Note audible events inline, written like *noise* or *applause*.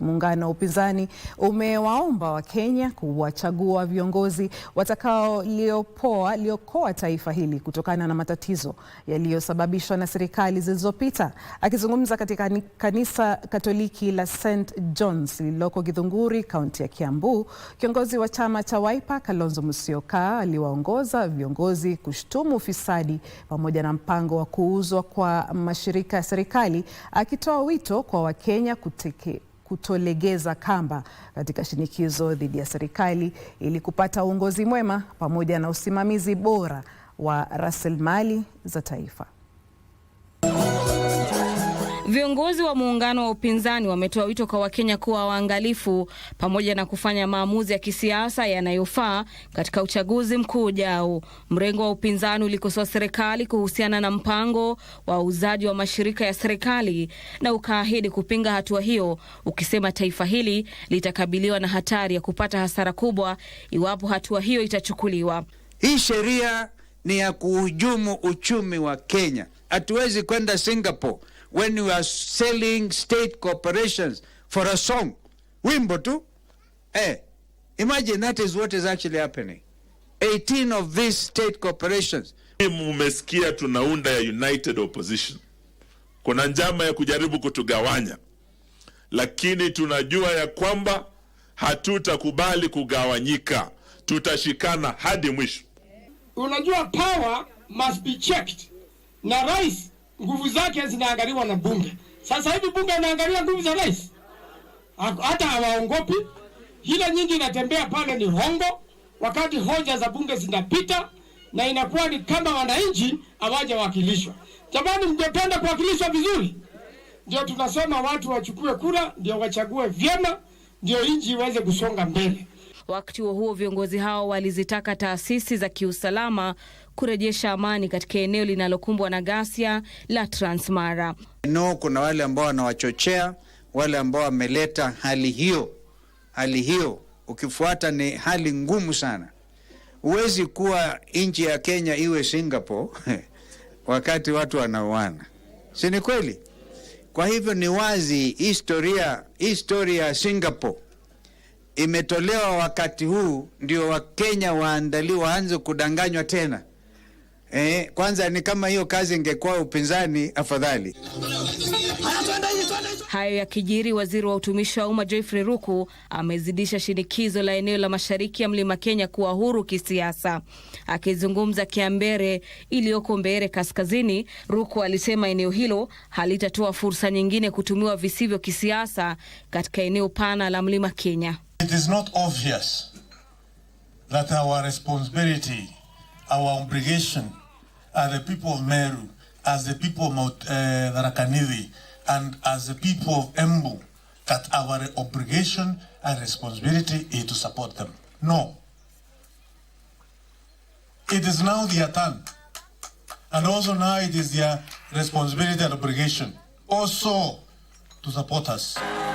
Muungano wa upinzani umewaomba Wakenya kuwachagua viongozi watakaoliokoa liokoa taifa hili kutokana na matatizo yaliyosababishwa na serikali zilizopita. Akizungumza katika kanisa Katoliki la St John's lililoko Githunguri, kaunti ya Kiambu, kiongozi wa chama cha Wiper Kalonzo Musyoka aliwaongoza viongozi kushtumu ufisadi pamoja na mpango wa kuuzwa kwa mashirika ya serikali, akitoa wito kwa Wakenya kuteke kutolegeza kamba katika shinikizo dhidi ya serikali ili kupata uongozi mwema pamoja na usimamizi bora wa rasilimali za taifa. Viongozi wa muungano wa upinzani wametoa wito kwa Wakenya kuwa waangalifu pamoja na kufanya maamuzi ya kisiasa yanayofaa katika uchaguzi mkuu ujao. Mrengo wa upinzani ulikosoa serikali kuhusiana na mpango wa uuzaji wa mashirika ya serikali na ukaahidi kupinga hatua hiyo, ukisema taifa hili litakabiliwa na hatari ya kupata hasara kubwa iwapo hatua hiyo itachukuliwa. Hii sheria ni ya kuhujumu uchumi wa Kenya. Hatuwezi kwenda Singapore when you are selling state corporations for a song wimbo too. eh, imagine that is what is actually happening 18 of these state corporations mmesikia tunaunda ya united opposition kuna njama ya kujaribu kutugawanya lakini tunajua ya kwamba hatutakubali kugawanyika tutashikana hadi mwisho unajua power must be checked na rais nguvu zake zinaangaliwa na bunge. Sasa hivi bunge inaangalia nguvu za rais, hata hawaongopi. Hila nyingi inatembea pale ni hongo, wakati hoja za bunge zinapita na inakuwa ni kama wananchi hawajawakilishwa. Jamani, mngependa kuwakilishwa vizuri, ndio tunasema watu wachukue kura, ndio wachague vyema, ndio nchi iweze kusonga mbele. Wakati huo huo, viongozi hao walizitaka taasisi za kiusalama kurejesha amani katika eneo linalokumbwa na ghasia la Transmara. No, kuna wale ambao wanawachochea wale ambao wameleta hali hiyo. Hali hiyo ukifuata ni hali ngumu sana. Huwezi kuwa nchi ya Kenya iwe Singapore *laughs* wakati watu wanauana, si ni kweli? Kwa hivyo ni wazi historia historia ya Singapore imetolewa wakati huu ndio Wakenya waandali waanze kudanganywa tena. Eh, kwanza ni kama hiyo kazi ingekuwa upinzani afadhali. Hayo ya kijiri waziri wa utumishi wa umma Geoffrey Ruku amezidisha shinikizo la eneo la mashariki ya mlima Kenya kuwa huru kisiasa. Akizungumza Kiambere iliyoko Mbeere Kaskazini, Ruku alisema eneo hilo halitatoa fursa nyingine kutumiwa visivyo kisiasa katika eneo pana la mlima Kenya. It is not obvious that our responsibility, our obligation, as the people of Meru, as the people of Mount uh, and as the people of Embu, that our obligation and responsibility is to support them. No. It is now their turn. And also now it is their responsibility and obligation also to support us.